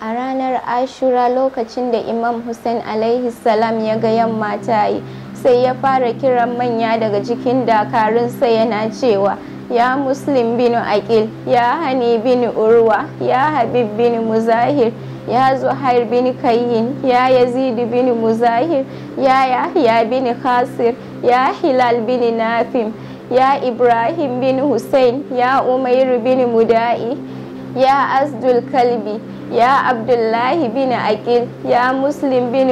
a ranar ashura lokacin da imam hussein alaihi salam ya ga yamma ta yi sai ya fara kiran manya daga cikin dakarunsa yana cewa ya muslim bin aqil ya hani bin urwa ya habib bin muzahir ya zuhair bin kayyin ya yazid bin muzahir ya yahya bin khasir ya hilal bin nafim ya ibrahim bin hussein ya umair bin muda'i Ya أسد الكلب يا عبد الله بن أكيل يا مسلم بن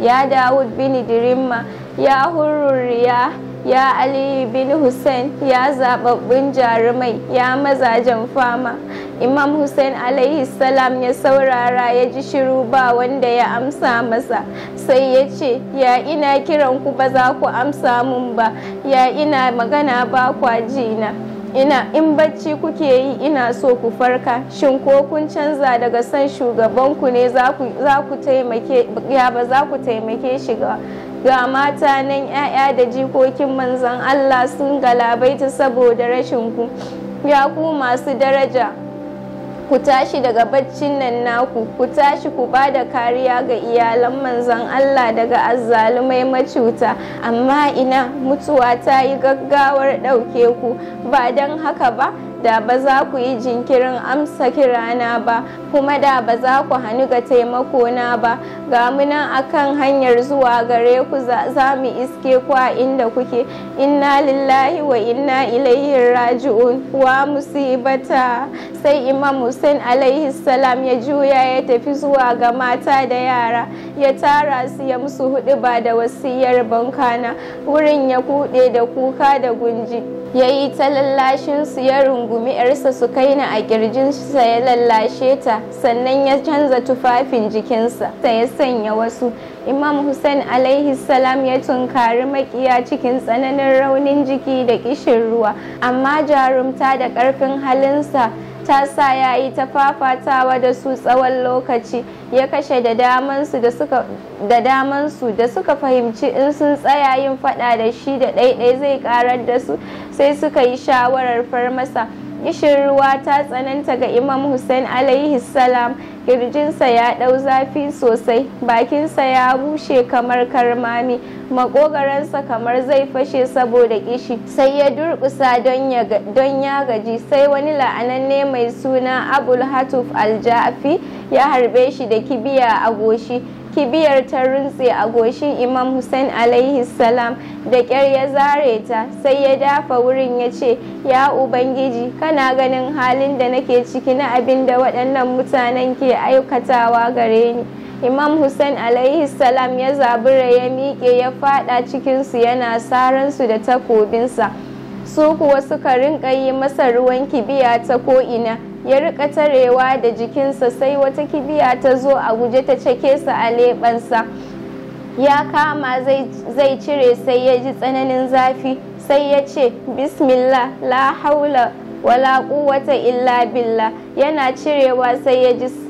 ya يا bin بن ya يا ya Ali bin Hussein ya zababbin jarumai ya mazajen fama Imam Hussein alaihi salam ya saurara ya ji shiru ba wanda ya amsa masa sai ya ce ya ina kiranku ba za ku amsa mun ba ya ina magana ba kwa jina ina in bacci kuke yi ina so ku farka shin ko kun canza daga san shugabanku ne za ku taimake ya ba za ku taimake shi ga ga mata nan 'ya'ya da jikokin manzan Allah sun galabaita saboda rashin ku ya ku masu daraja ku tashi daga baccin nan naku ku tashi ku ba da kariya ga iyalan manzan Allah daga azzalumai macuta amma ina mutuwa ta yi gaggawar ɗauke ku ba don haka ba da ba za ku yi jinkirin amsa kirana ba kuma da ba za ku hannu ga taimakona ba ga munan akan hanyar zuwa gare ku za mu iske ku a inda kuke inna lillahi wa inna ilaihi raji'un wa musibata sai imam hussein alaihi salam ya juya ya tafi zuwa ga mata da yara ya tara su ya musu hudu ba da wasiyar bankana wurin ya kuɗe da kuka da gunji ya yi ta lallashin su ya rungu rungumi ‘yarsa su kai ni a ƙirjinsa ya lallashe ta sannan ya canza tufafin jikinsa ta ya sanya wasu imam hussein alaihi salam ya tunkari makiya cikin tsananin raunin jiki da ƙishin ruwa amma jarumta da ƙarfin halinsa ta sa ya yi ta fafatawa da su tsawon lokaci ya kashe da damansu da suka fahimci in sun tsaya yin fada da shi da ɗaiɗai zai karar da su sai suka yi shawarar farmasa kishin ruwa ta tsananta ga Imam Hussein alaihi salam, kirjinsa ya ɗau zafi sosai, bakinsa ya bushe kamar karmami, makogaransa kamar zai fashe saboda kishi. Sai ya durƙusa don ya gaji, sai wani la'ananne mai suna Abul Hatuf Aljafi ya harbe shi da kibiya a goshi. kibiyar ta runtse a goshin imam hussein alaihi salam da ƙyar ya zare ta sai ya dafa wurin ya ce ya ubangiji kana ganin halin da nake ciki na abin da waɗannan mutanen ke aikatawa gare ni imam hussein alaihi salam ya zabura ya miƙe ya faɗa cikinsu yana saransu da takobinsa su kuwa suka rinƙa yi masa ruwan kibiya ta ko'ina ya rika tarewa da jikinsa sai wata kibiya ta zo a guje ta cake sa a leɓensa ya kama zai cire sai ya ji tsananin zafi sai ya ce bismillah la haula wala quwwata illa billah yana cirewa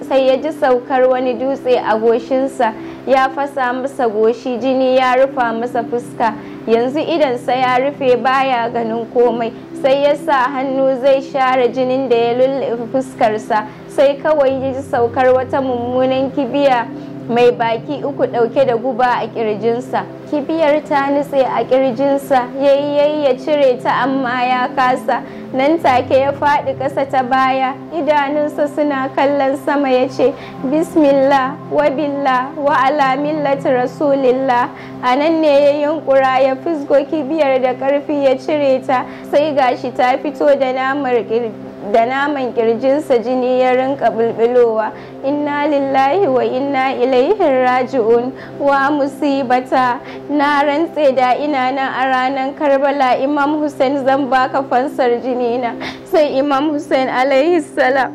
sai ya ji saukar wani dutse a goshinsa ya fasa masa goshi jini ya rufa masa fuska yanzu idan sai ya rufe baya ganin komai sai ya sa hannu zai share jinin da ya lullufe fuskarsa sai kawai ya ji saukar wata mummunan kibiya mai baki uku ɗauke da guba a ƙirjinsa kibiyar ta nutse a ƙirjinsa yayi ya cire ta amma ya kasa nan take ya faɗi ƙasa ta baya idanunsa suna kallon sama ya ce bismillah wa billah wa ala millati rasulillah a nan ne ya yunkura ya fusko kibiyar da ƙarfi ya cire ta sai gashi ta fito da namar ƙirji da naman kirjinsa jini ya rinka bulbulowa inna lillahi wa inna ilaihi raji'un wa musibata na rantse da ina nan a ranar karbala imam hussein zan baka fansar jini na sai imam hussein alaihi salam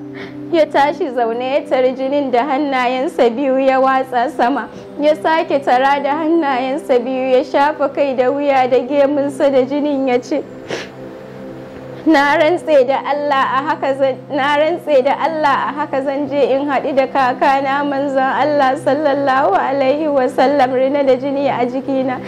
ya tashi zaune ya tari jinin da hannayensa biyu ya watsa sama ya sake tara da hannayensa biyu ya shafa kai da wuya da gemunsa da jinin ya ce na rantse da Allah a haka zan je in haɗu da kakana manzon Allah sallallahu alaihi wa sallam rina da jini a jikina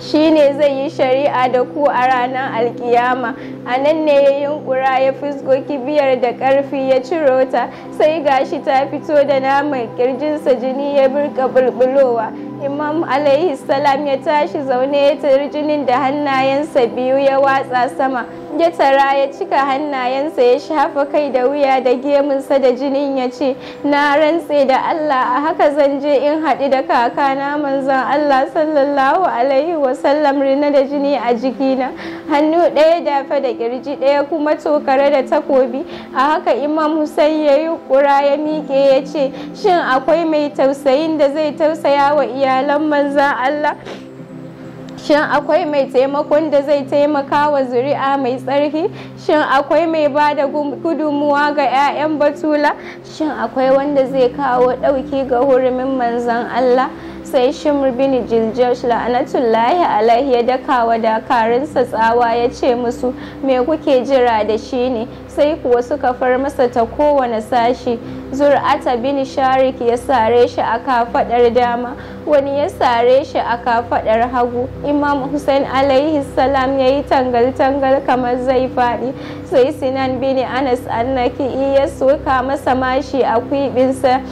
shi ne zai yi shari'a da ku a ranar alkiyama a nan ne ya yunkura ya fusko kibiyar da ƙarfi ya ciro ta sai gashi ta fito da naman kirjinsa jini ya burka bulbulowa imam alaihi salam ya tashi zaune ya jinin da hannayensa biyu ya watsa sama ya tara ya cika hannayensa ya shafa kai da wuya da gemunsa da jinin ya ce na rantse da Allah a haka zan je in haɗu da kakana manzon Allah sallallahu alaihi wa sallam rina da jini a jikina hannu ɗaya dafa da ƙirji ɗaya kuma tokare da takobi a haka imam Hussein ya yi ƙura ya miƙe ya ce shin akwai mai tausayin da zai tausaya wa iyalan manzon Allah shin akwai mai taimakon da zai taimaka wa zuri'a mai tsarki shin akwai mai ba da gudunmuwa ga 'ya'yan batula shin akwai wanda zai kawo ɗauki ga hurumin manzan allah sai shimr bin jiljosh la'anatullahi alaihi ya daka wa dakarinsa tsawa ya ce musu me kuke jira da shi ne sai kuwa suka far masa ta kowane sashi zur'ata bin sharik ya sare shi a kafadar dama wani ya sare shi a kafadar hagu imam hussein alaihi salam ya yi tangal-tangal kamar zai faɗi sai sinan bin anas annaki ya soka masa mashi a kwibinsa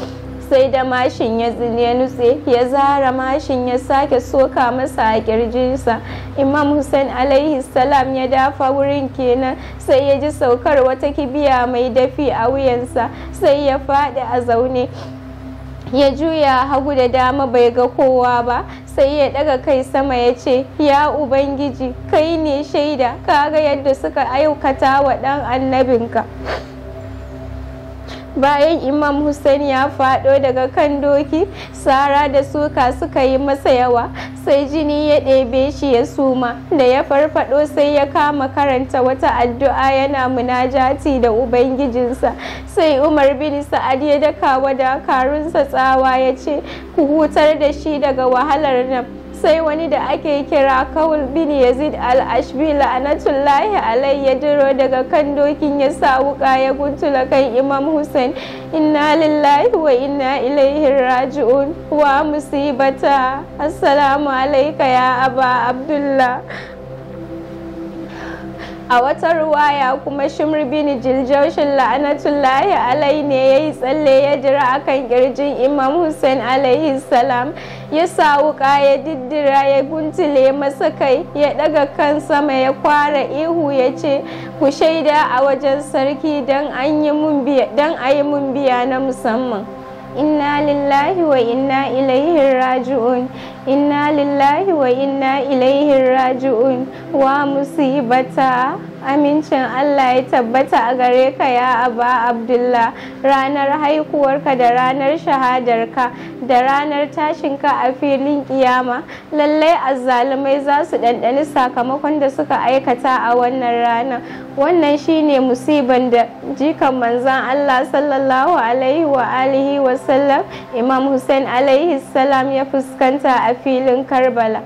sai da mashin ya nutse ya zara mashin ya sake soka masa a kirjinsa imam hussein alaihi salam ya dafa wurin kenan sai ya ji saukar wata kibiya mai dafi a wuyansa sai ya faɗi a zaune ya juya hagu da dama bai ga kowa ba sai ya daga kai sama ya ce ya ubangiji kai ne shaida ka ga yadda suka aikata wa ɗan annabinka bayan imam hussein ya faɗo daga kan doki sara da suka suka yi masa yawa sai jini ya ɗebe shi ya suma da ya farfaɗo sai ya kama karanta wata addu'a yana munajati da ubangijinsa sai umar bin sa'ad ya daka wa dakarunsa tsawa ya ce ku hutar da shi daga wahalar nan sai wani da ake kira kawul bin yazid al-ashbi la'anatullahi alai ya diro daga kan dokin ya sa wuka ya guntula kan imam hussein inna lillahi wa inna ilaihi raji'un wa musibata assalamu alaika ya aba abdullah a wata ruwaya kuma shimr bin jiljaushin la'anatullahi alai ne ya yi tsalle ya jira a kan kirjin imam hussein alaihi salam ya sa wuƙa ya diddira ya guntule masa kai ya daga kan sama ya kwara ihu ya ce ku shaida a wajen sarki don a yi mun biya na musamman inna lillahi wa inna ilaihi raju'un. inna lillahi wa inna ilaihi raji'un wa musibata amincin Allah ya tabbata a gare ka ya aba abdullah ranar haikuwarka da ranar shahadarka da ranar tashinka a filin kiyama lallai azzalumai za su ɗanɗani sakamakon da suka aikata a wannan rana wannan shine musiban da jikan manzan Allah sallallahu alaihi wa alihi wa sallam imam hussein alaihi salam ya fuskanta a filin Karbala.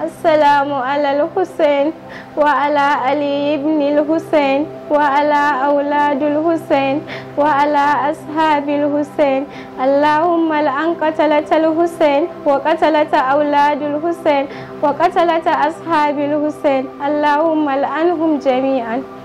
Assalamu alal Hussein wa ala Ali ibn Hussein wa ala auladul Hussein wa ala ashabil Hussein Allahumma la'an qatalatal Hussein wa qatalata auladul Hussein wa qatalata ashabil Hussein Allahumma la'anhum jami'an